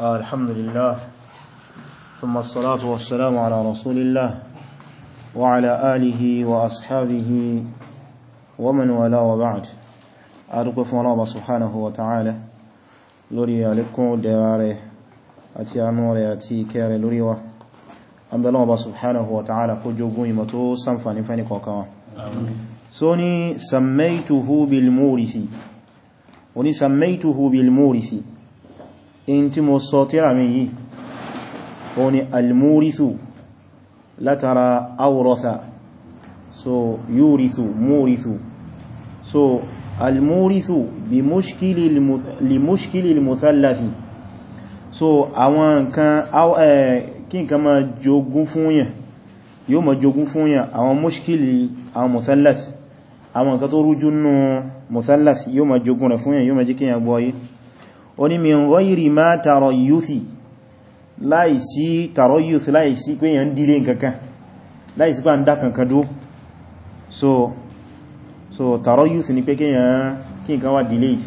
الحمد لله ثم الصلاة والسلام على رسول الله وعلى آله وأصحابه ومن ولا وبعد أدوك فالله سبحانه وتعالى لوري لكم دواري أتي أنوري أتي كاري لوري و أنبالله سبحانه وتعالى كل جوبوني متو سنفاني فاني قوكوا سوني سميته بالمورث وني سميته بالمورث in tí mo sọ tíra mi yìí òun ni almúrísù látara awrọ́ta so yúrísù múrísù so almúrísù bí múṣkílì mùtàláfì so àwọn nǹkan kí nǹkan ma jogún fún yẹn yóò ma jogún fún yẹn àwọn múṣkílì àwọn mùtàláfì àwọn nǹkan tó rújú nù mùtàláfì yóò ma jogún rẹ̀ fún yẹn yóò ma jí kíyàn oní min ghairi ma tarayuthi láìsí tarayuth láìsí pé yẹn dílé nkankan láìsí pé a ń dá kankan dó so so tarayuth ni pé kí nkan wá delayed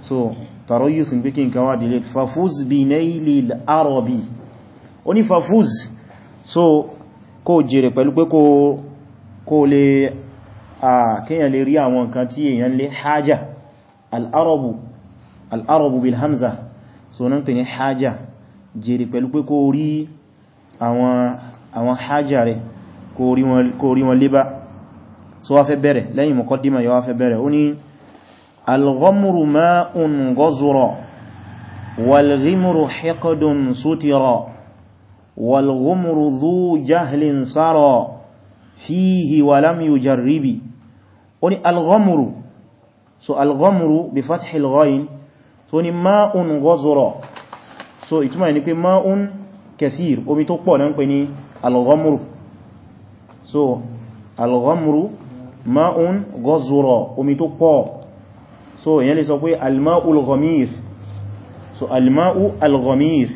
so tarayuth ni pé kí nkan wá delayed fafuz bi naili arabi oní fafuz so kó jèrè pẹ̀lú pé kó lè kíyàn lè rí àwọn nǹkan tí èyàn lè hajjá al'arabu al-arabu bil hamza so na ń pè ní hajjá jèrè pẹ̀lú pé kó rí àwọn hajjá rẹ̀ kó rí wọn lébá so wá fẹ́ bẹ̀rẹ̀ lẹ́yìn muqaddima yọ wá fẹ́ bẹ̀rẹ̀ ó ní al-ghamru ma'un ghazura wal-ghimru hiqdun sutira wal-ghumru dhu jahlin sara fihi wa lam yujarribi ó ní al so al bi fathil ghain so ni ma'un ghazara so ìtumọ̀ ni pé ma'un kathir omi tó pọ̀ náà ń pè ní al so al-ghamru ma'un ghazara omi tó pọ̀ so ìyẹn lè sọ pé al ghamir so al-ma'u al-ghamir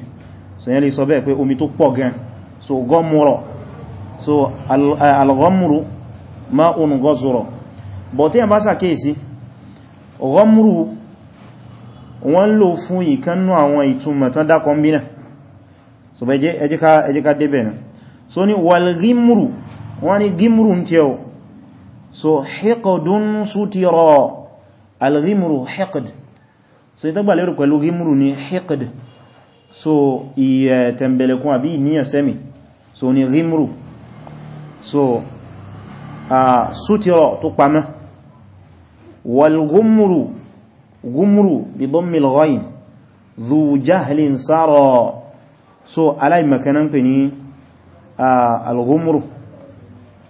so ìyẹn lè sọ bẹ́ẹ̀ pé omi tó pọ̀ gan so ghamura so eh, al-ghamru ma'un ghazara bọ̀ tí yẹn bá sàkéèsí wọ́n lò fún ìkánnú àwọn ìtumọ̀ tán dákọ̀ ń bínà so bẹ jẹ́ ẹjíká débẹ̀ náà so ni wal gimru wọ́n ni gimru ń tẹ́ o so hiqdun sutira al gimru hiqd so ní tọ́gbà lérò pẹ̀lú gimru ni hiqd so iye tẹ̀mbẹ̀lẹ̀kún àbí ìníyàn sẹ́mi so ni gimru so a sutira tó pamọ́ wal gumru gúmrù bí dọ́mmil ghayn zu jahlin sára so aláìmakanan pè ní al-gúmrù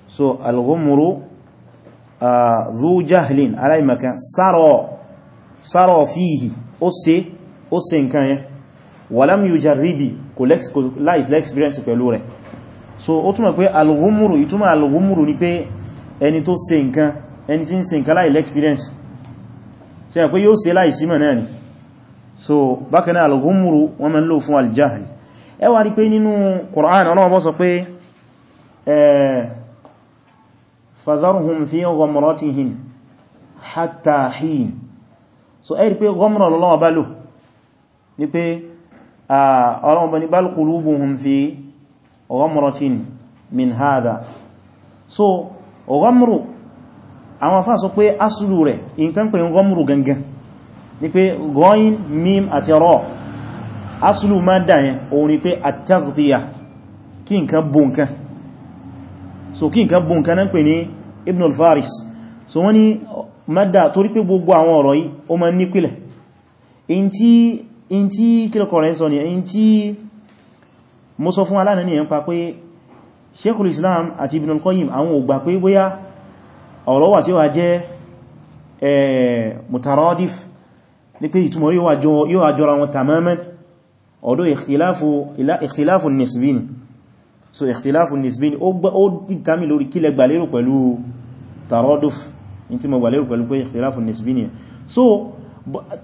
so al-gúmrù zu jahlin aláìmakan sára sára fíhì ó ṣe ó ṣe nǹkan yẹn walam yujarribi kò láìs l'experience pẹ̀lú rẹ̀ so ó túnmọ̀ pé al-gúmrù ìtúnmọ̀ al-gúmrù ni pé ẹni tó ṣe nǹkan ẹni tí ń ṣe nǹkan láìs l'experience ṣe pé yóò ṣe láì símọ̀ náà ni so bákanáà al-ghumru wọ́n mẹ́ lò fún al-jahl ẹ wá rí pé nínú Qur'an Ọlọ́run bọ́ sọ pé fadharhum fi ghamratihim hatta hin so ẹ rí pé ghamra Ọlọ́run bá lò ní pé Ọlọ́run bá ní bal qulubuhum fi ghamratin min hadha so ghamru àwọn afá sọ pé asùlù rẹ̀ in tán pè gọmùrù gangan ni pé gọ́yìn mím àti rọ́ asùlù má dáyẹn òun ni pé àtàkùtíyà kí nǹkan bó nǹkan so kí nǹkan bó nǹkan náà pè ní ibn al-faris so wọ́n ni mada torí pé gbogbo àwọn ọ̀rọ̀ yìí ó ma nípìlẹ̀ in tí in tí kílọ̀kọ̀ rẹ̀ ni in tí mo islam àti ibn al-qayyim àwọn ò gbà pé bóyá ọ̀rọ̀ wà tí ó wà jẹ́ mutaradif ní pé ìtumọ̀ yóò àjọra wọn tamaman ọ̀dọ̀ ikhtilafu nisbin so ikhtilafu nisbin ó dìtàmì lórí kílẹ̀ gbàlérò pẹ̀lú taraduf in tí mo gbàlérò pẹ̀lú pé ikhtilafu nisbin so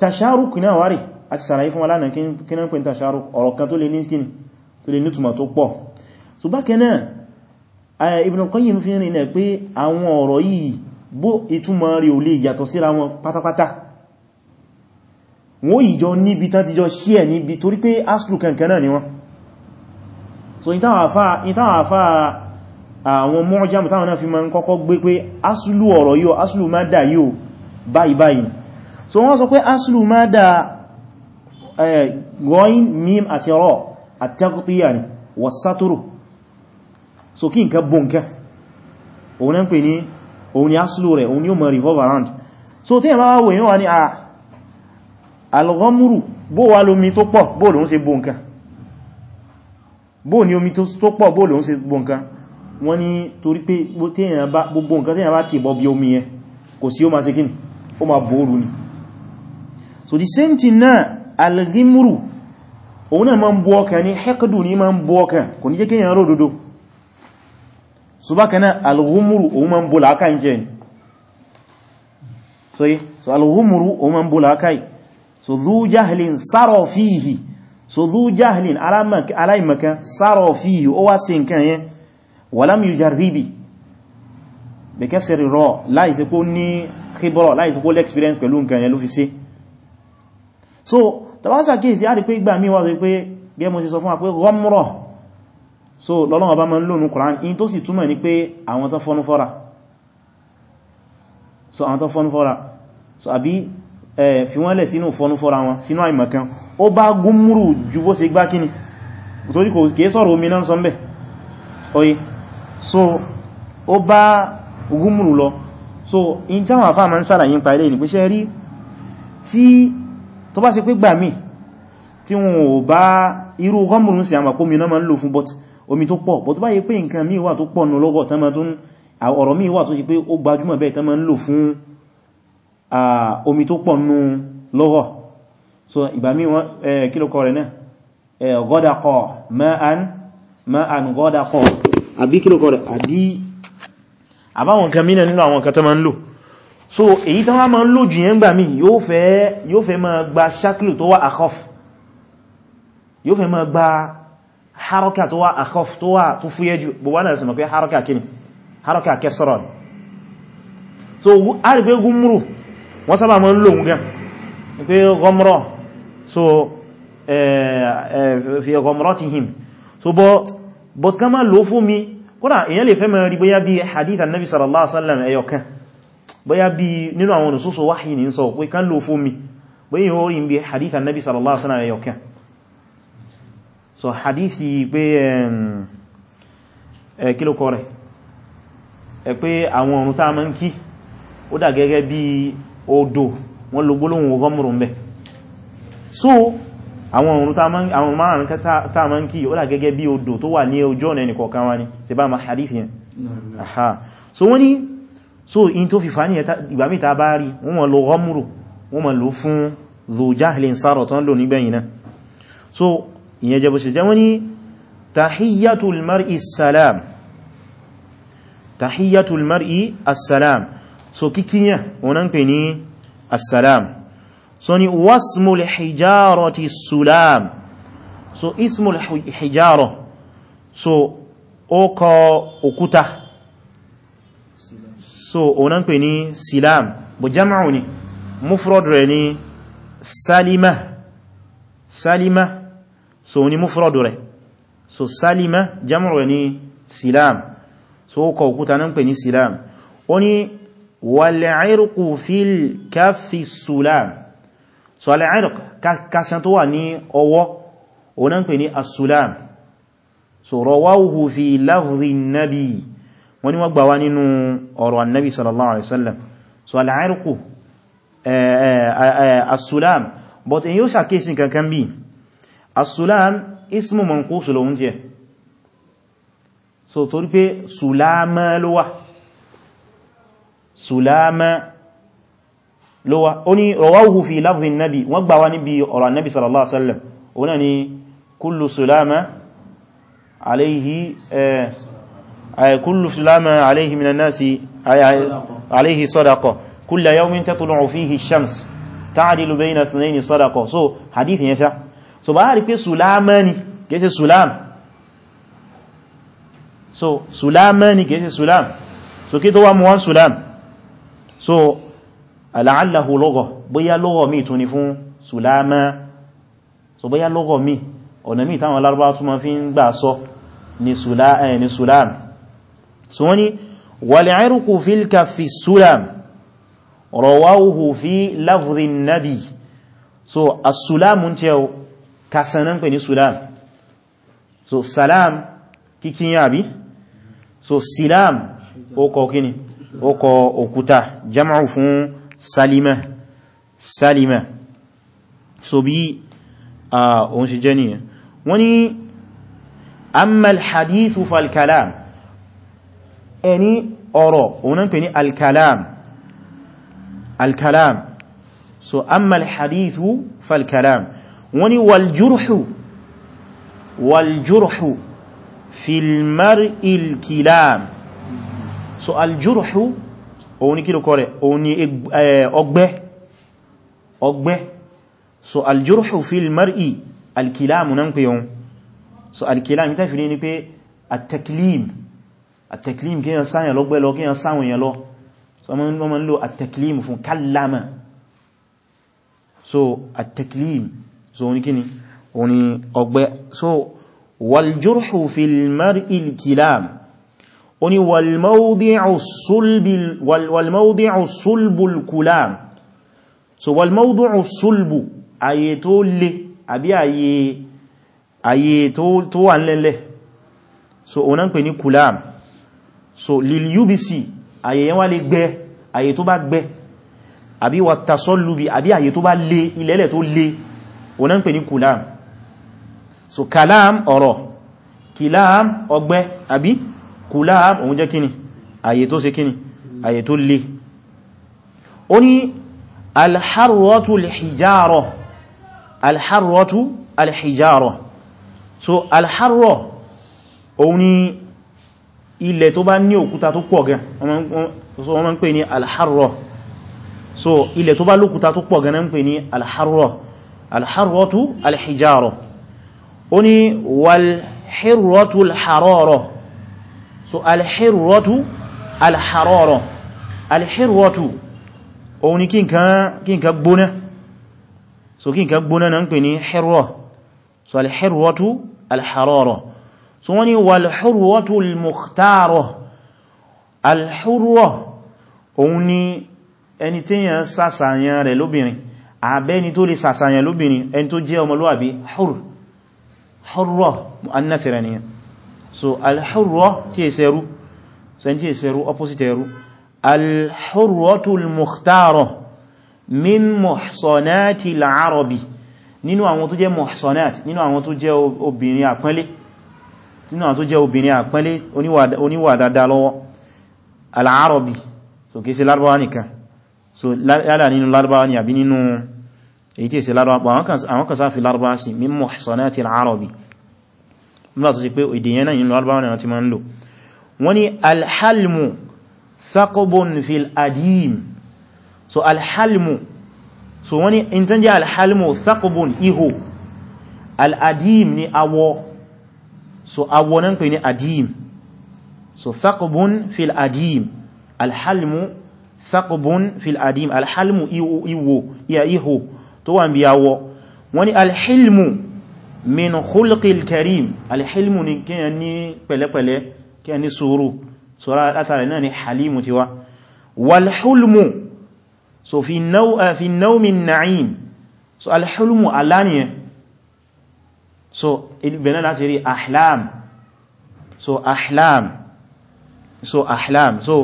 tasharuk náà wárí àti sàlàyé fún aláàrẹ kí náà pẹ̀ tasharuk ọ̀rọ̀ kan tó lè ní Ibn Qayyim fi rìn náà pé àwọn ọ̀rọ̀ yìí bó ìtumọ̀ rí ò lè yàtọ̀ síra wọn pátápátá wọ́n ìjọ níbi tán ti jọ sí ẹ̀ níbi torí pé aslu kankan náà ni wọ́n so ìtàwọn àfá àwọn mọ́ọ̀jámù táwọn náà fi ma ń kọ́kọ́ gbé pé aslu ọ̀rọ̀ yíò aslu má dà eh, mim àti rọ́ àtẹ́kùtíyà ni wọ́sátúrù so kí nǹkan bó nǹkan òun náà pè ní òun ni aṣílò rẹ̀ òun ni ó mọ̀ revolve around so tí ẹ̀mọ́ wọ́n yíwa ní ah, alọ́gọ́mùrù bó wà lómi tó pọ̀ bó lóun ṣe bó nǹkan bó ní omi tó pọ̀ bó lóun ṣe bó nǹkan wọ́n ní torí pé gbogbo nǹkan tíyàn bá ti bọ́ bí omi yẹn kò sí ó máa ṣe kíni ni so the same so bákanáà alhumuru òun ma ń bó làákà ni so yí so alhumuru òun ma ń bó làákà so dhú jahlin sárọ̀ fíhì so dhú jahlin aláìmọ̀kan sárọ̀ fíhì ó wá sí nǹkan yẹn walam yujarribi bí kẹsẹ̀rì rọ láìsí kó ní kíbọ̀rọ̀ láìsí kó l'experience pẹ̀lú nǹkan yẹn ló fi sí so tàbásà kéèsì á rí pé ìgbà míwá rí pé gẹ́mù sí sọ fún wa pé ghamra so lọ́lọ́wọ́ bá ma ń lónú Qur'an in tó sì túmọ̀ ní pé àwọn tán fọ́nú fọ́ra so àwọn tán fọ́nú fọ́ra so àbí fi wọ́n lẹ̀ sínú fọ́nú fọ́ra wọn sínú àìmọ̀kan ó bá gúnmùrù ju bó ṣe gbá kíni torí kò kìí sọ̀rọ̀ omi náà sọ́mbẹ̀ oye so ó bá gúnmùrù so in táwọn àfáà ma ń sàlàyé nípa ilé ìpínṣẹ́ rí tí tó bá ṣe pé gbà mí tí wọn ò bá irú gọ́mùrù sí àmàpómi náà ma ń lò fún bọ́tí omi tó pọ̀ bọ̀ tó bá yẹ pé nǹkan míì wà tó pọ̀ nù lọ́gọ̀ tán ma tún ọ̀rọ̀ míì wà tó yẹ pé ó gbajúmọ̀ bẹ́ẹ̀ tán ma ń lò fún omi tó pọ̀ nù lọ́gọ̀ so ìgbà míì wọ́n kílòkọ rẹ̀ náà gọ́dakọ̀ ma'an gọ́dakọ̀ àbí kílòkọ rẹ̀ àbí àbáwọn kan mìíràn nínú àwọn kan so èyí tán wá ma ń lò jù yẹn gbà mí yóò fẹ́ ma gba shaklu tó wà akọ́f yóò fẹ́ ma gba haraka tó wá akọf tó wá tó fúyẹ́ jù gbogbo náà haraka kíni haraka kẹsọ́rọ̀ so a rí pé gúnmùrù wọ́n sábà mọ́ ń lò gan pé so eh, eh, fi gọmrọ̀ ti him so but but ká má lò fún mi kódà èyàn lè fẹ́ mẹ́rin rí bóyá bí hadith annabi sallallahu alaihi wasallam ẹyọkan bóyá bí nínú àwọn ònà sóso wáhìí ní sọ pé kán lò fún mi bóyá yóò rí bí hadith annabi sallallahu alaihi wasallam ẹyọkan so hadithi pe kí ló kọ rẹ̀ ẹ pé àwọn ọ̀run tá a máa ń kí ó dà gẹ́gẹ́ bí odò wọ́n lo gbólóhùn ọgọ́mùrù ń bẹ̀ so àwọn ọ̀run márùn-ún tá a máa ń kí ó dà gẹ́gẹ́ bí odò tó wà ní ojú ọ̀nà ẹnì wa ni ṣe bá ma hadithi yẹn aha so woni so in tó fìfà ní ìgbà mìta bá rí wọ́n ma lo ọgọ́mùrù wọ́n ma lo fún zojahlin sárọ̀ tán lò nígbẹ̀yìn náà so ìyẹn jẹ́ bó ṣe jẹ́ wọ́n ní tahiyyatul mar'i salam tahiyyatul mar'i assalam so kíkíyàn wọn ń pè ní assalam so ni wasmul hijarati sulam so ismul hijaro so ọkọ̀ òkúta so ọ̀nà ń pè ní silam bó jama'u ni mufrod rẹ̀ ni salima salima so ní múfúrọ̀dù rẹ̀ so salima jam'u rẹ̀ ní silam so ó kọ òkúta náà ń pè ní silam ó ní wal-'irqu fil kaffi sulam so al-'irq kásán tó wà ní ọwọ́ ó náà ń pè ní as-sulam so rawahu fi lafzi nabi wọ́n ní wọ́n gbà wá nínú ọ̀rọ̀ annabi sallallahu alaihi wasallam so al-'irqu eh, eh, eh, as-sulam but in yóò ṣàkíyèsí kankan bíi as-sulam ismu manqus lòun jẹ́ so torí pé sulama ló wà sulama ló wà ó ní rawahu fi lafzi nabi wọ́n gbà wá níbi ọ̀rọ̀ nabi sallallahu alaihi wasallam òun náà ni kullu sulama عليه آه كل فلام عليه من الناس عليه صدقة كل يوم تطلع فيه الشمس تعدل بين اثنين صدقة so حديث ينفع so bá rí pé sùlámẹ́ni kẹsẹ̀ sùlám so sùlámẹ́ni kẹsẹ̀ sùlám so kí tó wá mú wọ́n sùlám so aláàláhù lọ́gọ̀ bóyá lọ́gọ̀ mi tún ni fún sùlámẹ́ so bóyá lọ́gọ̀ mi ọ̀nà mi táwọn lárúbá tún ma fi ń gbà sọ ni eh, sùlám so wọ́n ni wal-irqu fil kaffi sùlám rawahu fi lafdhin nabi so as-sulamu ń kasan náà pè ní sulam so salam kíkíyàn àbí so silam ọkọ̀ kíni ọkọ̀ òkúta jama'u fún salima salima so bí a òun ṣe jẹ́ nìyàn wọ́n ni ammal hadithu falkalam ẹni ọ̀rọ̀ òun náà pè ní alkalam alkalam so ammal hadithu falkalam wọ́n ni waljurhu waljurhu filmar ilkilam so aljurhu òun ni kí ló kọ́ rẹ̀ òun ni ọgbẹ́ ọgbẹ́ so aljurhu filmar ilkilam náà pè yọun so alkilam ní tàbí ní pé ataklim ataklim kí yàn sáyàn lọ́gbẹ́ lọ kí yàn sáwọn èèyàn lọ so wọ́n mọ́ ń ataklim fún kallama so ataklim so oni kíni oni ọgbẹ́ so waljurhu fil mar'il kilam oni walmawdi'u sulbil walmawdi'u sulbul kulam so walmawdi'u sulbu àyè tó le àbí àyè àyè tó tó wà nlele so onan pè ní kulam so lil yubisi àyè yẹn wá lè gbẹ àyè tó bá gbẹ àbí watasallubi àbí àyè tó bá le ilele tó le o náà ń pè kulam so kalam ọ̀rọ̀ kilam ọgbẹ́ àbí kulam òun jẹ́ kíni àyè tó ṣe kíni àyè tó le ó ní alharrotu alhijaro alharrotu alhijaro so alharro òun ni ilẹ̀ tó bá ní òkúta tó pọ̀ gan wọ́n máa ń pè ní alharro so ilẹ̀ tó bá lókúta tó pọ̀ gan náà ń pè ní alharro alharwatu alhijaro ó ní walhirwatu alharoro so alhirwatu alharoro alhirwatu ó ní kí nǹkan gbóná so kí nǹkan gbóná na ń pè ní hirwa so alhirwatu alharoro so wọ́n ní walhirwatu almukhtaro alhurwa òun ni ẹni tí yẹn sàsàyàn rẹ̀ lóbìnrin àbẹ́ni tó lè sàṣàyàn lóbìnrin ẹni tó jẹ́ ọmọlúwàbí hurra annathira ni so al-hurra tí è sẹ́rú sẹ́ni tí è sẹ́rú opposite ẹrú al-hurratul mukhtara min muhsanati al-arabi nínú àwọn tó jẹ́ muhsanat nínú àwọn tó jẹ́ obìnrin àpọ́nlé nínú àwọn tó so kìí ṣe lárúbáwá so yálà nínú lárúbáwá ni àbí nínú èyí tí èsì lárọ́pọ̀ àwọn kan sáfi lárọ́bá sí min muhsanati al-arabi nígbà tó sì pé ìdíyẹn náà yìí lárọ́bá wọn ti ma ń lò wọ́n ni alhalmu thaqbun fil adim so alhalmu so wọ́n ni in tán jẹ́ alhalmu thaqbun ihò al ni awọ so awọ náà pè ní adim so thaqbun fil adim alhalmu thaqbun fil adim alhalmu ihò tó wà ń bí awọ wọ́n ni alhilmu min khulqil karim alhilmu ni kíyàn ní pẹ̀lẹ́pẹ̀lẹ́ kíyàn ní sùúrù sọ́rọ̀ látàrí náà ni halimu ti wá walhulmu so fi eh, naumin na'im so alhulmu aláníyàn so ibẹ̀nà láti rí ahlam so ahlam so ahlam so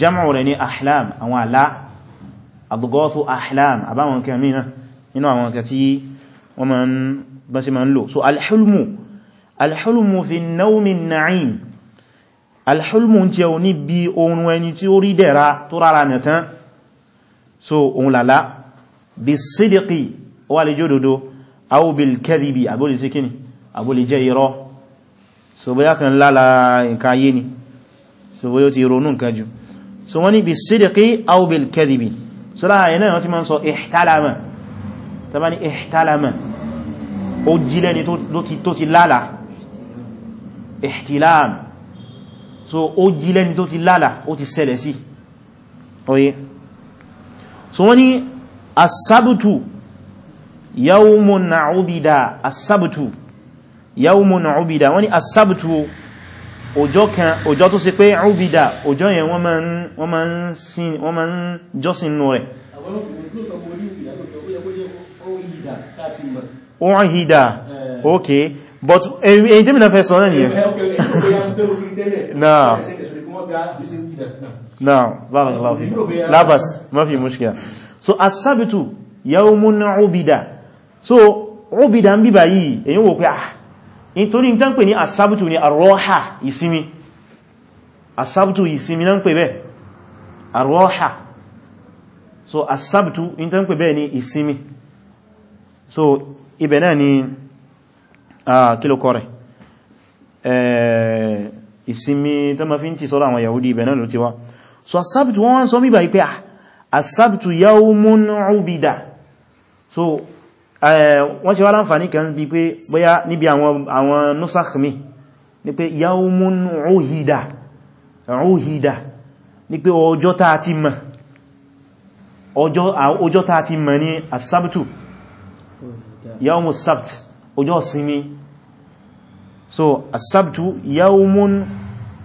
jam'u rẹ̀ ni ahlam àwọn alá adghathu ahlam àbáwọn kẹmínà nínú àwọn nǹkan tí wọ́n ma ń bá sí ma ń lò so alhulmu alhulmu fi naumi na'im alhulmu ń jẹun níbi oorun ẹni tí ó rí dẹ̀ra tó rárá nẹ̀tán so òun lálá bí sídìkì wà lè jò dodo aw bil kadhibi àbólì sí kíni àbólì jẹ́ irọ́ so bóyá kan lála nǹkan ayé ni so bóyá ti ronú nǹkan jù so wọ́n ni bí sídìkì aw bil so láàrin náà wọ́n ti ma ń sọ ihtalama tàbá ní ihtalama ó jílẹ̀ ni tó ti lálà ihtilam so ó jílẹ̀ ni tó ti lálà ó ti ṣẹlẹ̀ sí oye so wọ́n ni asabutu yawmun ubida asabutu yawmun ubida wọ́n ni asabutu ọjọ́ kan ọjọ́ tó ṣe pé ubida ọjọ́ yẹn wọ́n máa ń wọ́n jọ́sìn rẹ̀ uhida ok but èyí tí mi náà fẹ́ sọ náà nìyẹn náà náà barakallahu ma fi mushkila so asabitu yawmun ubida so ubida ń bíbà yìí èyí wò pé ah nítorí ní tánpẹ̀ ní asábùtù ní àrọ́hà ìsinmi asábùtù ìsinmi náà ń pè bẹ́ àrọ́hà so asábùtù ní tánpẹ̀ bẹ́ ní ìsinmi so ibẹ̀ náà ni kílòkọ rẹ̀ ìsinmi tó ma fi ń ti sọ́rọ̀ àwọn yahudi ibẹ̀ náà ló ti wá so asábùtù wọ́n wọ́n sọ mí bá so Eh, wọ́n ṣe wá láǹfàní kan bí pé bóyá níbi àwọn nusakh mi ní pé yaumun uhida uhida ní pé ọjọ́ ta ti mọ̀ ọjọ́ ta ti mọ̀ ní asabtu yaumus sabt ọjọ́ simi, so asabtu yaumun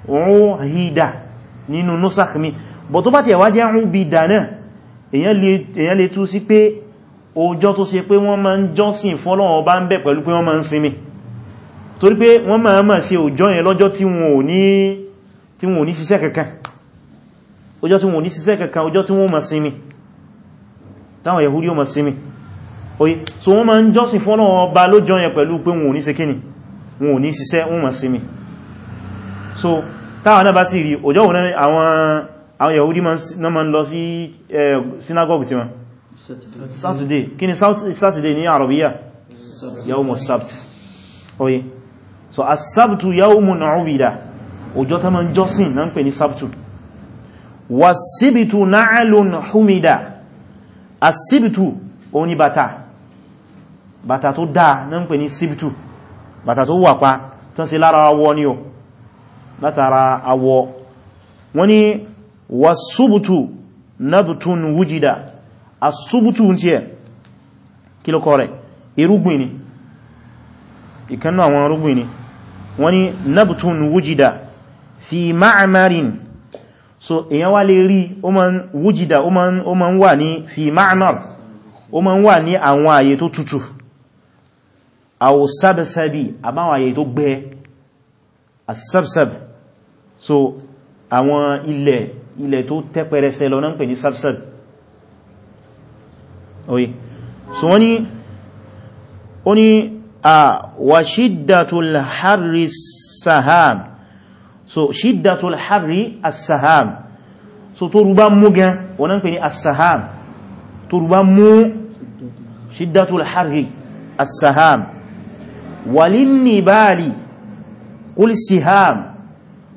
uhida nínú nusakh mi bọ̀ tó bá ti ẹ̀wà jẹ́ uhida náà èyàn lè tú sí pé ọjọ́ tó ṣe pé wọ́n máa ń jọ́sìn fọ́lọ́run ọba ń bẹ̀ pẹ̀lú pé wọ́n máa ń sinmi torí pé wọ́n máa máa ṣe ọjọ́ yẹn lọ́jọ́ tí wọn ò ní tí wọn ò ní ṣiṣẹ́ kankan ọjọ́ tí wọn ò ní ṣiṣẹ́ kankan ọjọ́ tí wọ́n máa sinmi táwọn yahudi ó máa sinmi oye so wọ́n máa ń jọ́sìn fọ́lọ́run ọba lọ́jọ́ yẹn pẹ̀lú pé wọn ò ní saturday kí ni saturday ní àrọ̀bíyà yawon sabt oye so a sabtu yawon na'ubida ọjọ́ ta ma ń jọ́sìn na ń pè ní sabtu wasibitu na'alun humida asibitu ó ní bàtà bàtà tó dáa na ń pè ní sibitu bàtà tó wà pa tán sí lára awọ ni o látara awọ wọ́n ni wasubutu nabtun wujida asúbútù ń tí ẹ̀ kí ló kọ rẹ̀ irúgbìn ni ìkannu àwọn irúgbìn ni wọ́n ni nabtun wujida fi ma'amarin so èyàn wá lè rí wujida o ma ń wà ní fi ma'amar o ma ń wà ní àwọn àyè tó tutù àwọ̀ sábẹ̀sábì àbáwọn àyè tó gbẹ asabsab so àwọn ilẹ̀ ilẹ̀ tó tẹ́pẹrẹsẹ lọ náà ń pè ní sabsab oye so wọ́n ni ó ní a wa shiddatul harri saham so shiddatul harri as-saham so tó rúbá mú gan wọ́n ń pè ní as-saham tó rúbá mú shiddatul harri as-saham walin nibali qul siham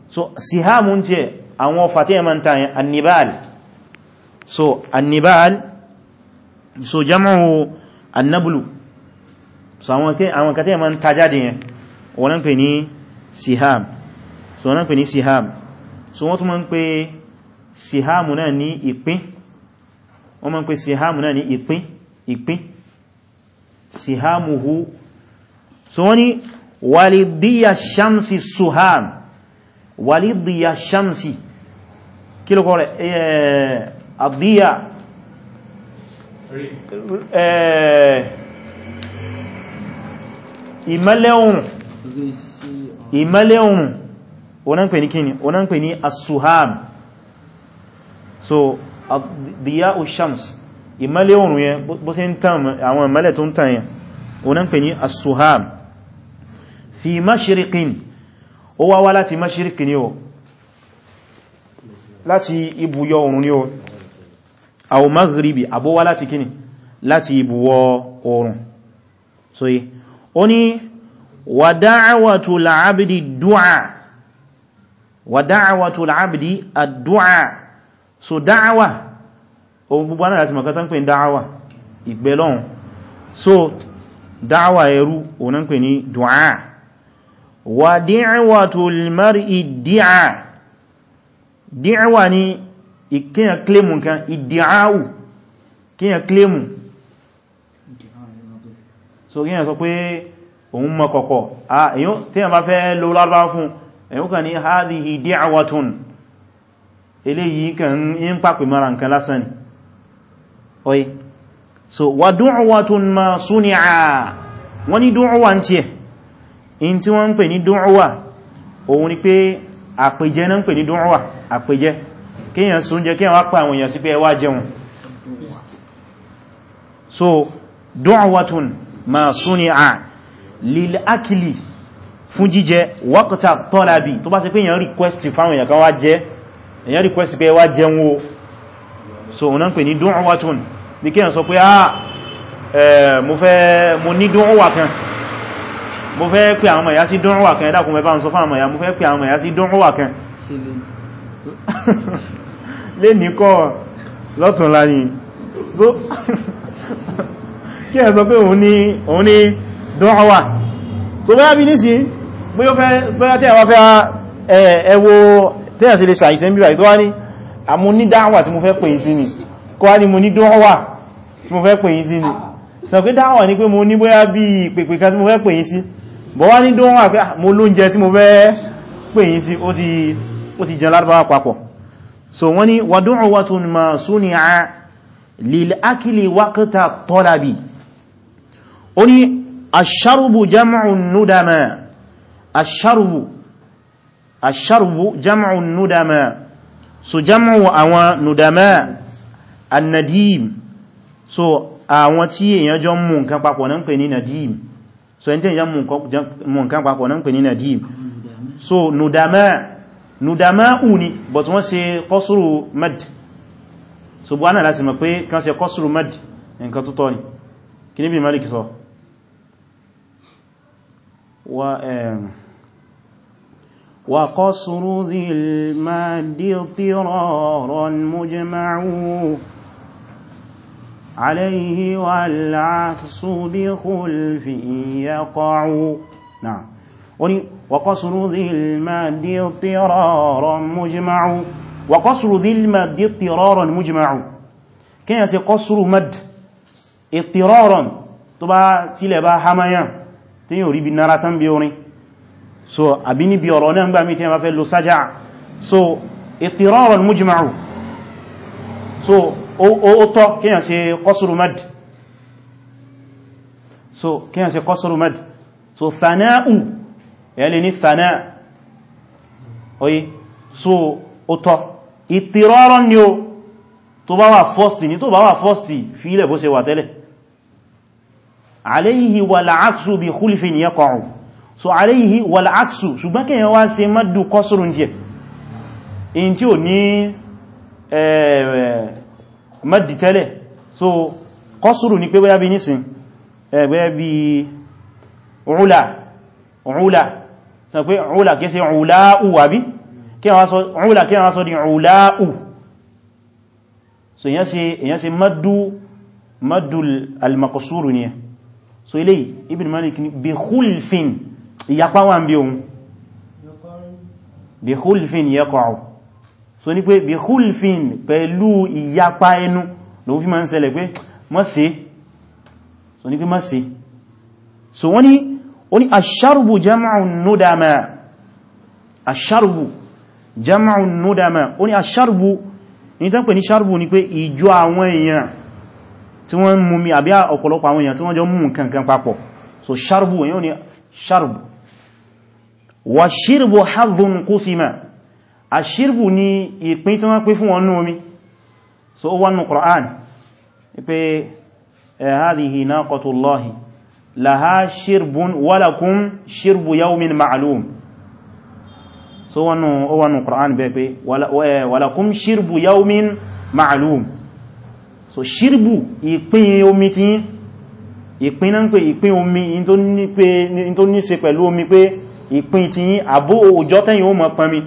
so siham ń jẹ àwọn ọfà ta annibal so annibal so jam'u annablu so àwọn kate ma n ta jáde yẹn wọ́n ń pè ní siham so wọ́n ń pè ní siham so wọ́n tún ma ń pè sihamu náà ní ìpín wọ́n ma ń pè sihamu náà ní ìpín ìpín sihamuhu so wọ́n ní walidiya shamsi suham walidiya shamsi kí lókọ́ rẹ̀ àdíyà Eh, ìmọ́lẹ̀ ohun ìmọ́lẹ̀ ohun onan pè ní kíni onan pè ní as so diya'u shams ìmọ́lẹ̀ ohun yẹn bó sí ń tàn àwọn ìmọ́lẹ̀ tó ń tàn yẹn onan pè ní as-suham fi mashriqin ó wá wá láti mashriqin ni o láti ibùyọ oòrùn ni o aw maghribi abówá láti kíni láti ibùwọ̀ oòrùn so yí ó ní wàdáwàtò la'abdi du'a wàdáwàtò la'abdi addu'a so dá'awà ohun gbogbo náà láti makata ń pè ní dá'awà ìgbẹ̀lọ́un so dá'awà ẹrú òun ń pè ní du'a wàdí'awàtò lil mar'i dí'à ìkíyàn kílèmù nǹkan ìdíáwù kíyàn kílèmù so kíyàn sọ pé òun mọ̀ kọ̀kọ̀ tíyàn bá fẹ́ lo lárúbá fún ẹ̀yùn kan ní hadhihi da'watun eléyìí kan ń pàpè mara nǹkan lásán ni oye so wa du'watun ma suni'a wọ́n ní du'wa ń tí ẹ̀ in tí wọ́n ń pè ní du'wa òun ni pé àpèjẹ náà ń pè ní du'wa àpèjẹ kíyàn súnjẹ kíyàn wá pa àwọn èèyàn sí pé ẹ wá jẹun so du'watun ma suni'a lil akili fún jíjẹ waqta talabi tó bá ṣe pé èèyàn request fáwọn èèyàn kan wá jẹ èèyàn request pé ẹ jẹun o so ọ̀nà ń pè ní du'watun bí kíyàn sọ pé ah mo fẹ́ mo ní du'wa kan mo fẹ́ pè àwọn ẹ̀yà sí du'wa kan ẹ̀dàkùn mẹ́fà ń sọ fáwọn ẹ̀yà mo fẹ́ pè àwọn ẹ̀yà sí du'wa kan lè ní kọ́ lọ́tún láyé so kí ẹ sọ pé òun ní dọ́ọ̀wà so bóyá bí nísìn bóyá tí àwọn fẹ́ ẹwọ tẹ́yà sí lè sàìsẹ́ ń bí wáyé tó wá ní àmú ní dáwà tí mo fẹ́ pè sí ni kọ́ wá ní mo ní dọ́ọ̀wà tí mo fẹ́ pè sí ni sọ pé dáwà ní pé mo ní bóyá bí pèpè kan tí mo fẹ́ pè sí bọ́ wá ní dọ́ọ̀wà pé mo lóúnjẹ tí mo fẹ́ pè sí ó ti jẹ lárúbáwà papọ̀ so wọ́n ni wadu'watun ma suni'a lil akli waqta talabi ó ní ash-sharbu jam'u nudama ash-sharbu ash-sharbu jam'u nudama so jam'u àwọn nudama an so àwọn tí èyàn jọ mú nǹkan papọ̀ náà ń pè nadim so ẹni tí èyàn mú nǹkan papọ̀ náà ń pè nadim so nudama nùdàmáù ni but wọ́n ṣe kọsùrù mad so bu ana láti mọ̀ pé kan ṣe kọsùrù mad nǹkan tó tọ́ ni kí ní bí malik sọ wa eh, kọsùrù dhil madi tiraran mujma'u عليه والعكس بخلفه يقع نعم وني وقصر ذي المادي اضطرارا مجمع وقصر ذي المادي اضطرارا مجمع kí yà sí qasru mad ittiraran tó bá tilẹ̀ bá hamaya tí yíò rí bí nára tán bí orin so àbí níbi ọ̀rọ̀ náà gbá mi tí yà bá fẹ́ lo sájá so ittiraran mujma'u so ó tọ́ kí yà sí qasru mad so kí yà sí qasru mad so thana'u yẹn lè ní thana oye so ó tọ́ ìtìrọ́rọ́ ni o tó bá wà fọ́stì ní tó bá wà fọ́stì fi ilẹ̀ bó ṣe wà tẹ́lẹ̀ aléyìí wàlàáksù bí kúlìfì ní ẹkọ̀ọ̀rùn so aléyìí wàlàáksù ṣùgbọ́n kí wá ṣe mọ́dù kọsùrùn jẹ́ in tí sọ pé ọ̀la kí sí ọ̀láù àbí kí wọ́n sọ ní ọ̀láù so èyàn sí mọ́dù al-maqsuru ni so ilé Ibn Malik ni bí khulfin ìyapa wà ń bí ohun bí khulfin yaqa'u so ní pé bí khulfin pẹ̀lú ìyapa ẹnu ló fi ma ń ṣẹlẹ̀ pé mọ́ so ní pé mọ́ so wọ́n ni ó ní aṣ-ṣarbu jam'u nudama aṣ-ṣarbu jam'u nudama ó ní aṣ-ṣarbu ní tán pè ní ṣarbu ni pé ìjọ àwọn èèyàn tí wọ́n mú mi àbí ọ̀pọ̀lọpọ̀ àwọn èèyàn tí wọ́n jọ mú nǹkan papọ̀ so ṣarbu èyàn ni ṣarbu wa ṣirbu hadhun qusima aṣ-ṣirbu ni ìpín tí wọ́n pín fún wọn omi so ó wà nù Qur'an pé eh, hadhihi naqatullahi laha shirbun walakum shirbu yawmin ma'lum so wọnú ọwọnú Qur'an bẹ pé eh, walakum shirbu yawmin ma'lum so shirbu ìpín omi tí ìpín náà pé ìpín omi in tó ní ṣe pẹ̀lú omi pé ìpín tí àbó òjò tẹ́yìn ó mọ̀ pẹ̀mí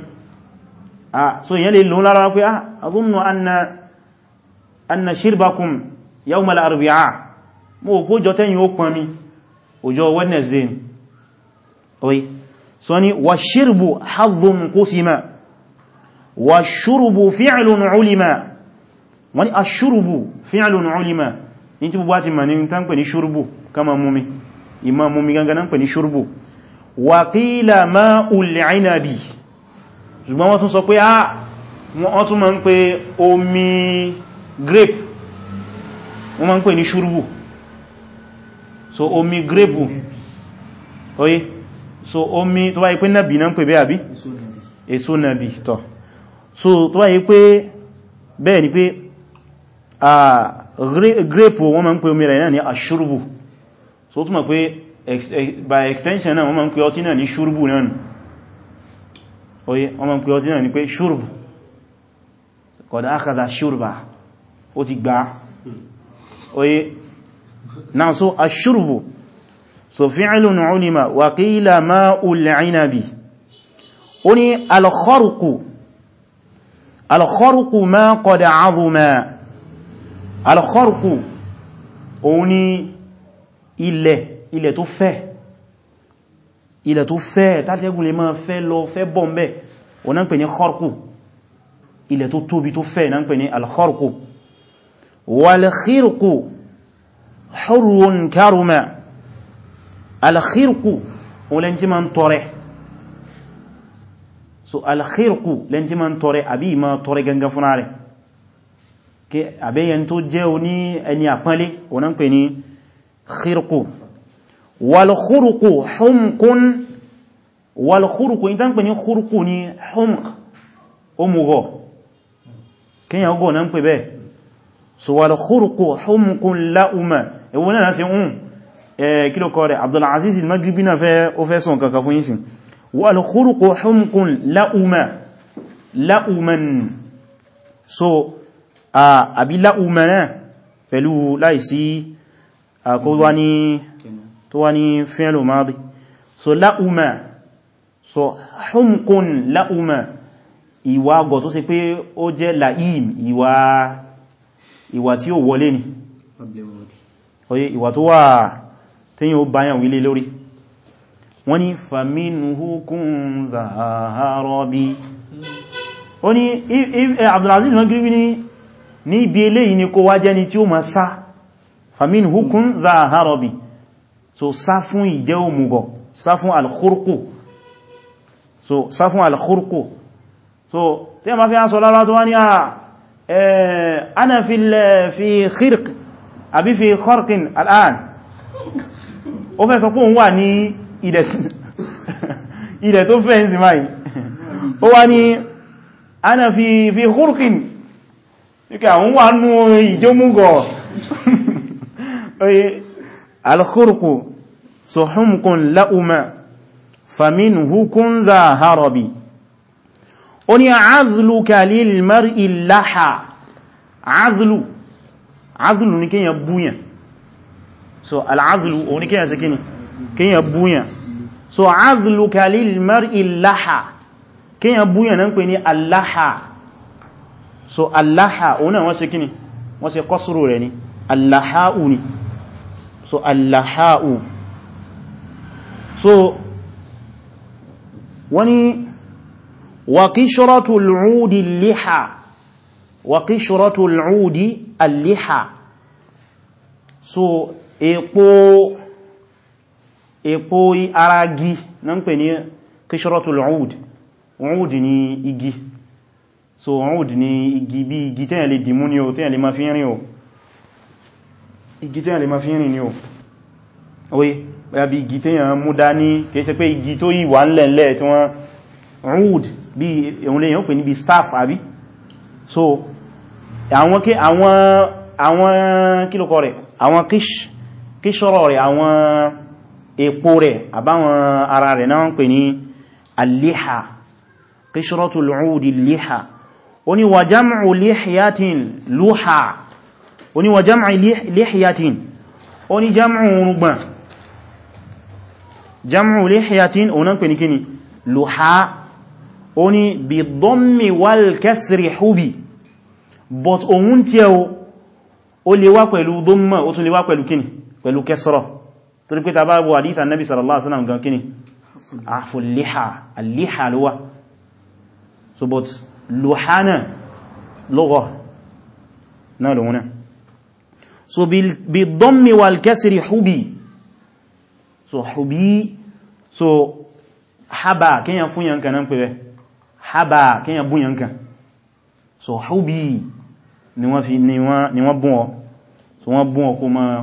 so ìyẹn lè lò lára pé ah azunnu anna anna shirbakum yawmal arbi'a mo kó jọ tẹ́yìn ó pẹ̀mí ọjọ́ wednesday oye so ni wa ṣírùbù hadhun qusima wa ṣúrùbù fi'lun ulima wani a ṣúrùbù fi'lun ulima in ti bubati ma ni ta n pè ní ṣúrùbù kama mumi ima mumi gangan n pè ní ṣúrùbù wa qila ma'ul inabi ṣùgbọ́n wọ́n tún sọ pé a wọ́n tún ma ń pè omi grape wọ́n ma ń pè ní ṣúrùbù so omi grape oye so omi tó bá yí pé nàbì náà ń pè bẹ́ àbí èso nàbì tọ̀ so tó bá yí pé bẹ́ẹ̀ ni pé grape wọ́n ma ń pè omi rẹ̀ náà ní àṣúrùbù so túnmọ̀ pé by extension náà wọ́n ma ń pè ọtí náà ní ṣúrùbù náà nù oye wọ́n ma ń pè ọtí náà ní pé ṣúrùbù kọ̀dá akada ṣúrùbà ó ti gbá hmm. oye náà so aṣúrùbù so fi'ilun ulima wa qila ma'ul inabi ó ní alkharuku alkharuku ma qad azuma alkharuku ó ní ilẹ̀ ilẹ̀ tó fẹ́ ilẹ̀ tó fẹ́ tàtẹ́gùn lè máa fẹ́ lọ fẹ́ bọ́m̀bẹ̀ ó náà pè ní kharku ilẹ̀ tó tóbi tó fẹ́ náà pè ní alkharuku hurwun karuma alkhirku o lẹ́ntí ma ń tọrẹ so alkhirku lẹ́ntí ma ń tọrẹ àbí ma tọrẹ gangan fúnra rẹ̀ kí àbẹ́yẹn tó jẹ́ oní ẹni àpọ́nlé o náà ń pè ní khirku walkhurku humkun walkhurku ní tán pè ní khurku ní humk o mú gọ́ kíyàn gọ́ náà ń so wal khurqu humqun la'uma ewu náà sí un kílò kọ́ rẹ̀ Abdul Aziz al-Maghribi náà fẹ́ ó fẹ́ sọ kankan fún pẹ̀lú láìsí àkọ́wà tó wá ní fi'lu madi so la'uma so humqun la'uma ìwà gọ̀ tó ṣe pé ó jẹ́ la'im ìwà ìwà tí ó wọlé ni oye ìwà tó wà tíyàn ó báyàn wílé lórí wọ́n ni fàmínú kún zàárọ́bí ó ní eh, Abdulaziz Maghribi ní ní ibi eléyìí ni kó wá jẹ́ni tí ó ma sá fàmínú kún so sá fún ìjẹ́ òmùgọ̀ sá fún alkhurku so sá fún alkhurku so tí a ma fi á sọ lára tó wá ní àà ah, أنا في في خرق أبي في خرق الآن ó fẹ́ sọ pé òun wà ní ilẹ̀ tó fẹ́ ń sì máa ó wá ní ana fi fi khurqin níkà òun wà nú ìjómúgọ̀ oye alkhurqu so humkun la'uma famin hukun za harabi ó ní àádùlù kàlíl mara ìláha àádùlù àádùlù ní kíyàn búyàn so al'ádùlù o ní kíyàn sí kíni kíyàn búyàn so àádùlù kàlíl mara ìláha kíyàn búyàn náà pè ní aláha so aláha o náà wọ́n sí kíni wọ́n sí kọsùrù rẹ̀ ni aláha'u ni so aláha'u so wani وقشرة العود اللحى وقشرة العود اللحى so epo epo ara igi na ń pè ní qishratul oud oud ni igi so oud ni igi bí igi tẹ́yàn lè dìmú ní o tẹ́yàn lè ma fi rìn o igi tẹ́yàn lè ma fi rìn ní o oye bí igi tẹ́yàn mú dání kìí pé igi tó yìí wà ń lẹ̀lẹ̀ tí wọ́n oud bí òun lè yàn pè níbi staff àbí so àwọn kí àwọn àwọn kílùkọ rẹ̀ àwọn kíṣọ́rọ̀ rẹ̀ àwọn epo rẹ̀ àbáwọn ara rẹ̀ náà ń pè ní al-liha qishratul 'udi al-liha ó ní wa jam'u lihyatin luha ó ní wa jam'u lihyatin ó ní ó ní bí dọ́mí wal kẹsìrì but ohun tí ẹ o lè wá pẹ̀lú dọ́mà ó tún lè wá pẹ̀lú kíni pẹ̀lú kẹsọ́rọ̀ torí pé tàbá gbọ́ àdíta nabi sallallahu alaihi wasallam gan kíni afu so but luhana lọ́gọ́ náà so bí dọ́mí wal kẹsìrì hubi so hubi so haba kíyàn fún yàn kanan pẹ̀lẹ̀ hábà kíyàn búyàn nǹkan so húbí ni wọ́n fi ni wọ́n bún ọ so wọ́n bún ọ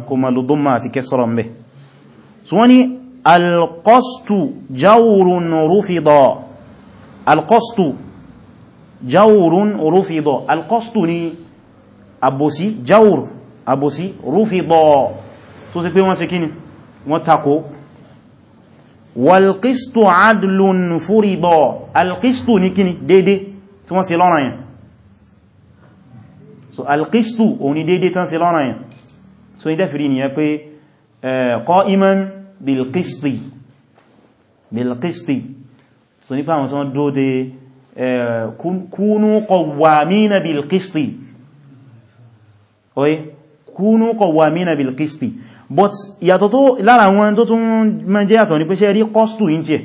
kó ma lo dọ́mà àti kẹsọ́rọ̀ mẹ́ so wọ́n ni alkọ́stù jáwùrún rúfidọ̀ alkọ́stù jáwùrún rúfidọ̀ alkọ́stù ni àbòsí jáwùr àbòsí rúfidọ̀ tó sì pé wọ́n ṣe kíni wọ́n takò والقسط عدل فرض القسط نكني ديدي tí wọ́n ṣe lọ́nà yẹn so alqistu òun ni dédé tán ṣe lọ́nà yẹn so ní dẹ́fìrí ni yẹ pé eh, qa'iman bilqisti bilqisti so nípa àwọn tán dó de eh, kunu bilqisti oye kunu qawwamina bilqisti but ìyàtọ̀ tó lára wọn tó tún mọ́ jẹ́ yàtọ̀ ní pé ṣe rí kọ́stù yí tí ẹ̀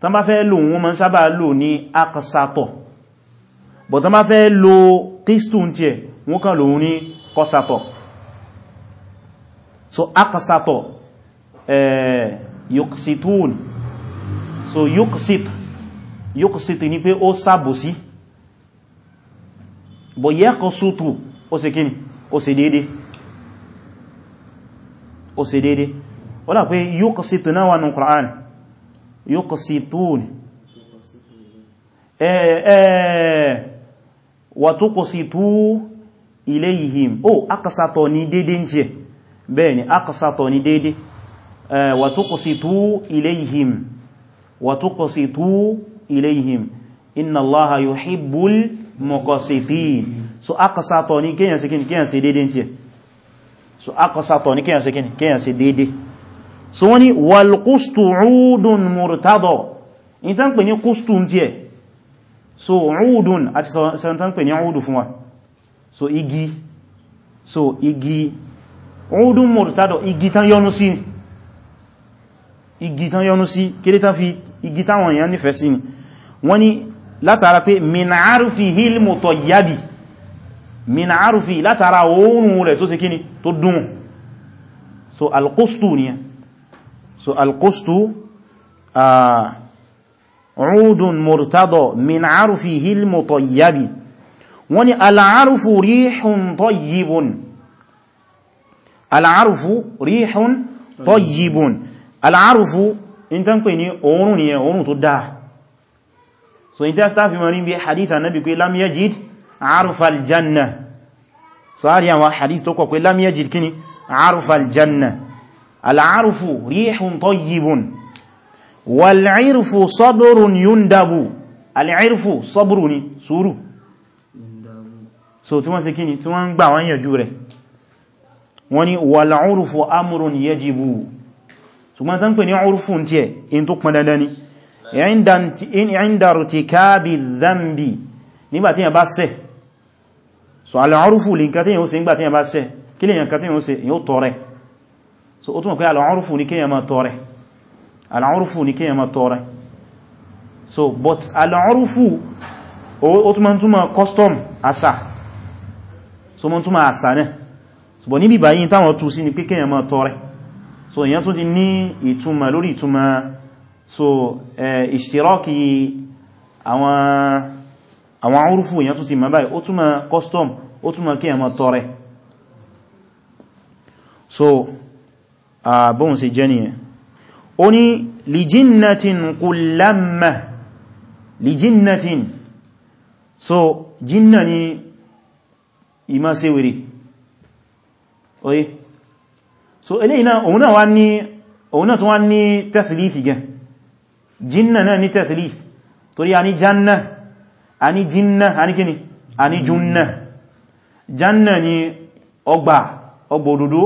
tán bá fẹ́ lò wọn mọ́ sábà lò ní akọsàtọ̀ but tán bá fẹ́ lò kístù tí ẹ̀ wọ́n kàn lò ní kọsàtọ̀ so akọsàtọ̀ eh, yuksitun so yuksit yuksit ni pé ó sàbòsí bọ̀ yẹ́kọsùtù ó ṣe kíni ó ó ṣe dédé wọ́n dà pé yuqsitu náà wà ní Qur'an yuqsitun wa tuqsitu ilayhim ó akasatọ̀ ní dédé ń jẹ bẹ́ẹ̀ ni akasatọ̀ ní dédé wa tuqsitu ilayhim inna Allaha yuhibbul muqsitin so akasatọ̀ ní kíyànsí kíyànsí dédé ń jẹ so akọsatọ̀ ní kíyànsí kíni kíyànsí dédé so wọ́n ni walkustu udun murtadọ̀ in tán pè ní kustu tí ẹ̀ so udun àti sọ́n tán pè ní udu fún wa so igi so igi udun murtado, igi tán yọnu sí igi tán yọnu sí kéré tán fi igi táwọn èèyàn nífẹ̀ẹ́ sí ni wọ́n ni látara pé min arufi hil mutoyabi min arufi látara oòrùn rẹ̀ tó ṣe kíni tó dùn so alqustu ni so alqustu ọ̀rùdùn murtadọ̀ min arufi hilmu tọ̀yàbì wọ́n ni al'arufu ríhun tọ́yìbùn al'arufu ríhun tọ́yìbùn al'arufu in tán pè ní oòrùn ni oòrùn tó dáa so in tán fi mọ̀ rí bí hadith annabi pé lam yajid arufal janna so a rí àwọn hadith tó kọ̀ pé lam yajid kíni arufal janna al'arufu rihun tayyibun wal'irfu sabrun yundabu al'irfu sabru ni sùúrù so tí wọ́n ṣe kíni tí wọ́n ń gbà wọ́n yànjú rẹ̀ wọ́n ni wal'urufu amrun yajibu ṣùgbọ́n tán pè ní urufu tí ẹ̀ in tó pọn dandan ni inda irtikabi nígbàtí yàn bá ṣẹ̀ so al'arufu lè nǹkan tí yíò ṣe ń gbà tí yíò bá ṣe kí lè nǹkan tí yíò ṣe yíò tọrẹ so ó túnmọ̀ pé al'arufu ní kíyàn máa tọrẹ al'arufu ní kíyàn máa tọrẹ so but al'arufu ó túnmọ̀ túnmọ̀ custom àṣà so mọ́ túnmọ̀ àṣà náà so bọ̀ níbi báyìí táwọn tú sí ni pé kíyàn máa tọrẹ so èyàn tún ti ní ìtumọ̀ lórí ìtumọ̀ so eh, ìṣtirọ́kì àwọn àwọn orúfù èyàn tún ti mọ̀ báyìí ó túnmọ̀ custom ó túnmọ̀ kí ẹmọ tọrẹ so àbóhùn sí jẹ́ nìyẹn ó ní lijinnatin kullamma lijinnatin so jinna ni ìmá ṣe wèrè oye so eléyìí náà òun náà wá ní òun náà tún wá ní tẹ́sìlífì gẹn jinna náà ní tẹ́sìlífì torí a ní janna a ní jinnah a ní kíni a ní junnah janna ni ọgbà ọgbà òdòdó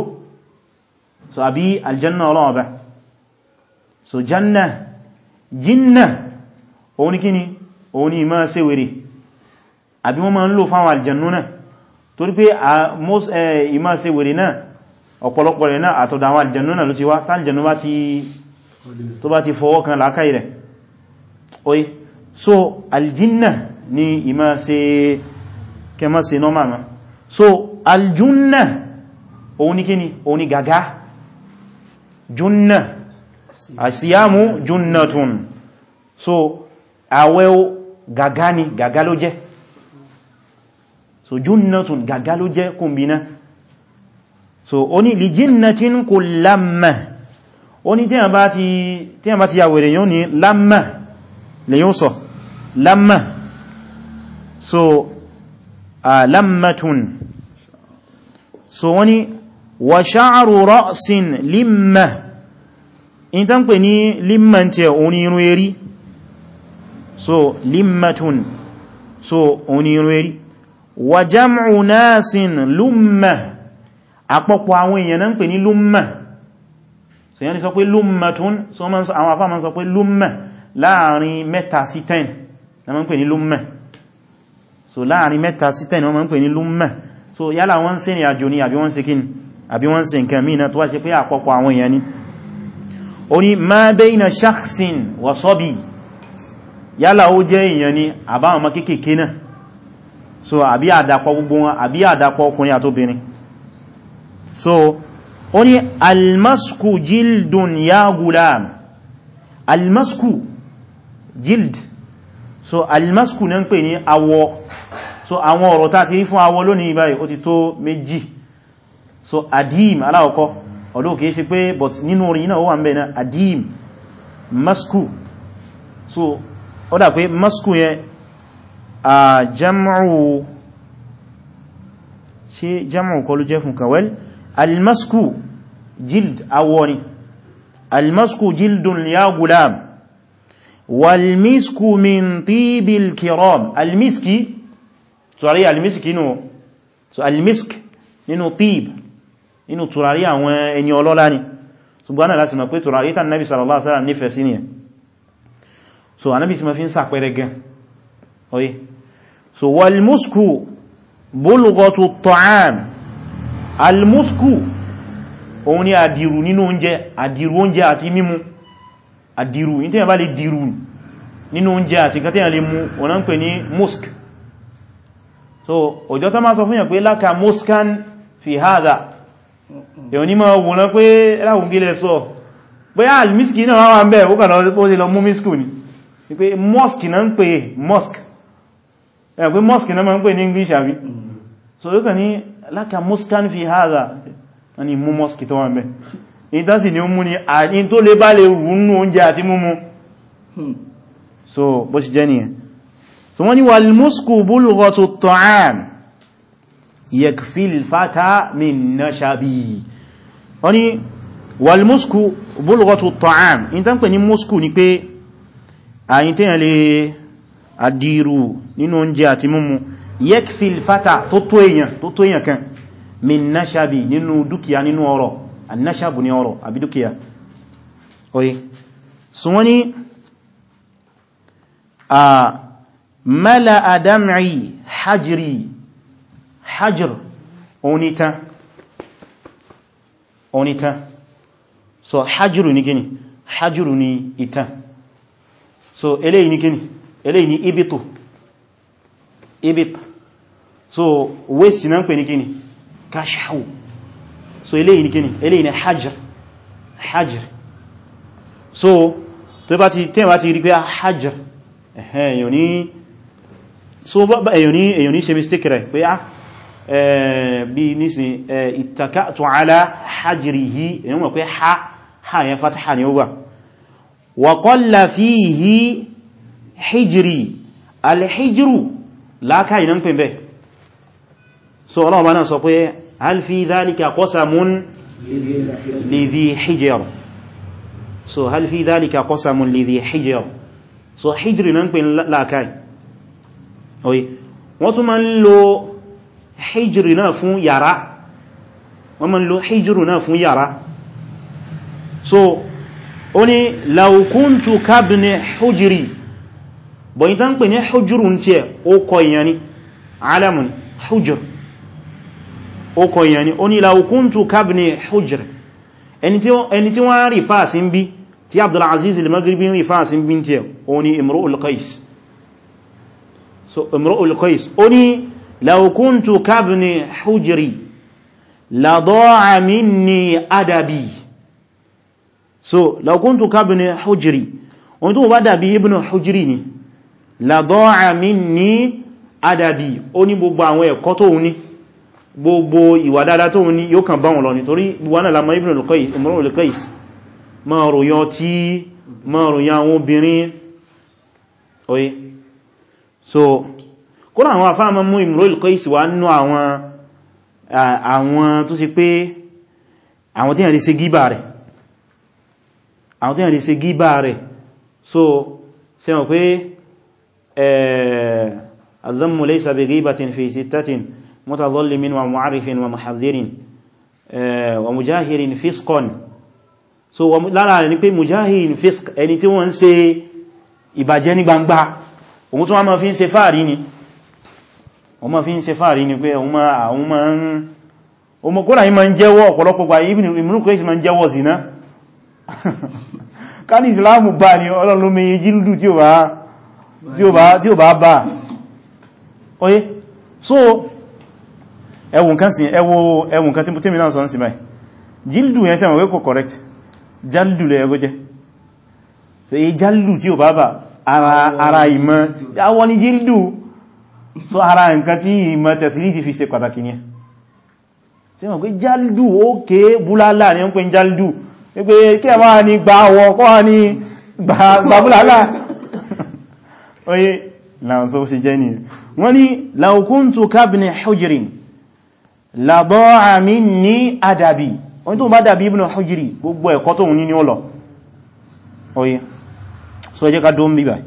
so àbí aljanna ọlọ́wọ́ bá so janna jinnah òun ní kíni òun ní ìmá ṣe wèrè àbí wọ́n máa ń lò fáwọn aljannu náà torí pé ìmá ṣe wèrè náà ọ̀pọ̀lọpọ̀ rẹ̀ náà àtọ̀dọ̀ àwọn aljannu náà ló ti wá táljannu bá ti tó bá ti fọwọ́ kan lákàí rẹ̀ oye so aljinnah ní ìmá ṣe kẹmọ́ ṣe nọ́mà mọ́ so aljúnnà òun ní kíni òun ní gàgá júnnà àṣíyàmú júnnàtún so àwẹ̀ gàgá ni gàgá ló jẹ́ so júnnàtún gàgá ló jẹ́ kùnbínà so ó ní lè jínnatin kò lámà ó ní tí a bá ti yàwèrè yóò ní lámà lè sọ lámà so lammatun so wani wa sha'ru ra'sin limma in tan pè ní limman tí onírun eri so limmatun so onírun eri wa jam'u nasin lumma àpọ̀pọ̀ àwọn èèyàn náà ń pè ní lumma so yẹn ni sọ pé lummatun so àwọn afá ma ń sọ pé lumma láàrin mẹ́ta sí 10 na ma ń pè lumma so láàrin mẹ́ta sí tẹ́ni wọ́n máa ń pè ní lúmmà so yálà wọ́n ń ṣe ní àjò ní àbí wọ́n ṣe kíni àbí wọ́n ṣe nǹkan mìíràn tó wá ṣe pé àpọ̀pọ̀ àwọn èèyàn ni ó ní ma bayna shakhsin wa sabi yálà ó jẹ́ èèyàn ni àbáwọn ọmọ kéèkéé náà so àbí àdàpọ̀ gbogbo wọn àbí àdàpọ̀ ọkùnrin àtóbìnrin so ó ní almasku jildun ya gulam almasku jild so almasku náà ń pè ní awọ so àwọn ọ̀rọ̀ tá ti ń fún awọ lónìí báyìí ó ti tó méjì so adim aláwọ̀kọ́ ọ̀dọ́ kìí sí pé but nínú orin náà ó wà ń bẹ̀ náà adim masku so ó dà pé masku yẹn a jam'u ṣe jam'u kọlu jẹ́ fún kawel almasku jild awọ ni almasku jildun ya gulam walmisku min tibil kiram almiski tùràrí alimisk nínú so alimisk nínú tíb nínú tùràrí àwọn ẹni ọlọ́lá ni ṣùgbọ́n náà láti mọ̀ pé tùràrí tàn nábi sallallahu alaihi wasallam nífẹ̀ẹ́ sí ni ẹ̀ so anábi ti ma fi ń sàpẹrẹ gan oye so walmusku bulghatu ta'am almusku òun ni àdìrù nínú oúnjẹ àdìrù oúnjẹ àti mímu àdìrù ní tí wọ́n bá lè dìrù nínú oúnjẹ àti kan lè mú wọ́n ń pè ní musk so ọjọ́ tó máa sọ fún yàn pé láka muskan fi hadha èyàn ní máa wòrán pé ẹláhùn gílẹ̀ sọ pé almiski náà wà ń bẹ̀ ó kà lọ mú misku ni pé mosque na ń pè mosque ẹ̀yàn pé mosque náà máa ń pè english àbí so ó kà ní láka muskan fi hada ni mú mosque tó wà ń bẹ̀ ìtànsì ni ó mú ni àyín tó lé bá lè wùnú oúnjẹ àti múmú so bó ṣe jẹ́ nìyẹn so wọ́n ni wal musku bulghatu ta'am yakfil fata min nashabi wọ́n ni wal musku bulghatu ta'am in tán pè ní musku ni pé ayin tí yàn lè adìrú nínú oúnjẹ àti múmu yakfil tó tó èyàn tó tó èyàn kan nínú dúkìá nínú ọrọ̀ an nashabu ọrọ̀ àbí dúkìá so wọ́n ni mẹ́lẹ̀ àdámì hajjiri hajjir onítan onítan so hajjiru ní gini hajjiru ní ìtàn so eléyìí ní gini eléyìí ní ibito ibito so wéṣì náà pè ní gini kashahu so eléyìí ní gini eléyìí ní hajjir hajjir so tó bá ti tẹ́wàá ti rí pé hajjir ẹ̀hẹ́ yóò ní so èyàn ní ṣe mistake rẹ̀ pé á ah, bí nísìn ìtàkàtù ala hajrihi èyàn mọ̀ pé ha ha yẹn fataha ni ó wà wa qalla fihi hijri alhijiru láàká ìná ń pè bẹ́ so ọlọ́ọ̀bá náà sọ pé hal fi dhalika qasamun lidhi hijr so hal fi dhalika qasamun lidhi hijr so hijri náà ń pè oye wọ́n tún ma ń lo hijri náà fún yàrá wọ́n ma ń lo hijri náà fún yàrá so ó ní law kuntu kabni hujri bọ̀yí tán pè ní hujru tí ẹ ó kọ ìyàn ni alamun hujr ó kọ ìyàn ni ó ní law kuntu kabni hujri ẹni tí wọ́n rí fáà sí bí tí Abdul Aziz al rí fáà bí tí ẹ ó ní Imru'ul Qais so imru'ul qais ó ní law kuntu kabni hujri la da'a minni adabi so law kuntu kabni hujri on tó bá dàbí ibn hujri ni la da'a minni adabi ó ní gbogbo àwọn ẹ̀kọ́ tó ní gbogbo ìwà dáadáa tó ní yóò kàn bá wọn lọ nítorí gbogbo náà lamọ ibn al-qais imru'ul qais ma ròyàn tí ma ròyàn àwọn obìnrin oye so kódà àwọn afá mọ́ mú Imru al-Qais wá nínú àwọn àwọn tó sì pé àwọn tí yàn lè ṣe gíbà rẹ̀ so ṣe wọ́n pé az-zammu laysa bi ghibatin fi sittatin mutadhallimin wa mu'arrifin wa muhadhdhirin wa mujahirin fisqan so lára rẹ̀ ni pé mujahirin fisq ẹni tí wọ́n ń ìbàjẹ́ ní gbangba òun tó wọ́n ma fi ń ṣe fàárí ni wọ́n ma fi ń ṣe fàárí ni pé òun ma ń ọmọ kódà yí ma ń jẹ́wọ́ ọ̀pọ̀lọpọ̀ gbà Ibn Qais ma ń jẹ́wọ́ oye so ẹwùn kan sí ẹwùn kan tí mo tẹ́mi náà sọ ń sí báyìí jílùdù yẹn sẹ́wọ̀n wé correct jálùdù lẹ́ẹ̀gọ́jẹ́ so èyí jálùdù tí ó bá bá ara ìmọ̀ àwọ ní jíldù so ara nǹkan tí ìmọ̀ tẹ̀sílìdì fi ṣe pàtàkì ní ṣe mọ̀ pé jáldù ó ké búlálà ní ń pè jáldù wípé kí ẹwà ní gba àwọ̀ kọ́ ní gba búlálà oye láwọn sọ sí jẹ́ ni wọ́n ni law kuntu kabni hujrin so ẹ jẹ́ ká dómi báyìí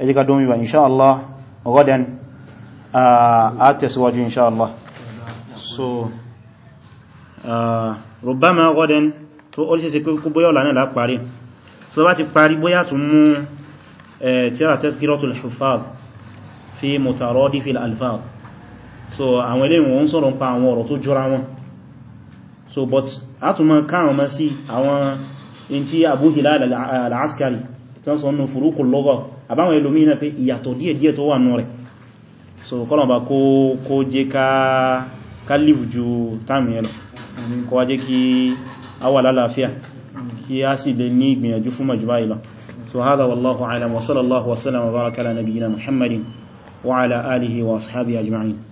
ẹ jẹ́ ká dómi báyìí inṣáàlá ọgọ́dẹn a tẹ̀síwájú inṣáàlá so uh, rọ̀bámá ọgọ́dẹn tó ó sì sí kó bóyá ọ̀lá náà lá parí so bá ti parí bóyá tún mú tíra tazkiratul huffaz fi mutaradifil alfaz so àwọn ilé ìwọ̀n sọ̀rọ̀ pa àwọn ọ̀rọ̀ tó jọra wọn so but a tún mọ́ káwọn mọ́ sí àwọn in tí Abu Hilal al-Askari al al tí wọ́n sọ nù furúkù lọ́gọ́ àbáwọn ẹlòmí náà pé ìyàtọ̀ díẹ̀díẹ̀ tó wà nù rẹ̀ so kọ́nà bá kó jẹ́ ká lífù ju táàmì ẹ̀lọ kọ́ wá jẹ́ kí a wà lálàáfíà kí a sì lè ní ìgbìyànjú fún màjúbá ìlọ so hádà wallahu a'lam wa sallallahu wa sallam wa baraka ala nabiyyina muhammadin wa ala alihi wa ashabihi ajma'in